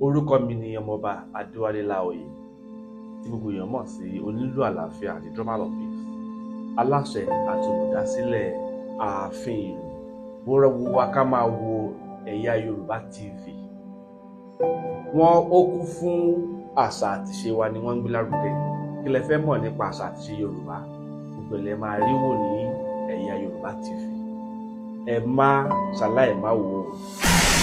orúkọ mi ni ọmọọba adéwálé láòyè tí gbogbo èèyàn mọ̀ sí onílù àlàáfíà àti drummer of peace aláṣẹ àti olùdásílẹ̀ ààfin ìlú mo rọwọ wa ká máa wo ẹ̀yà yorùbá tv wọn ó kún fún àṣà àtìṣe wa ni wọ́n ń gbé lárugẹ kí lẹ fẹ́ mọ̀ nípa àṣà àtìṣe yorùbá gbogbo ilẹ̀ máa rí wò ní ẹ̀yà yorùbá tv ẹ má ṣàlàyé má wò ó.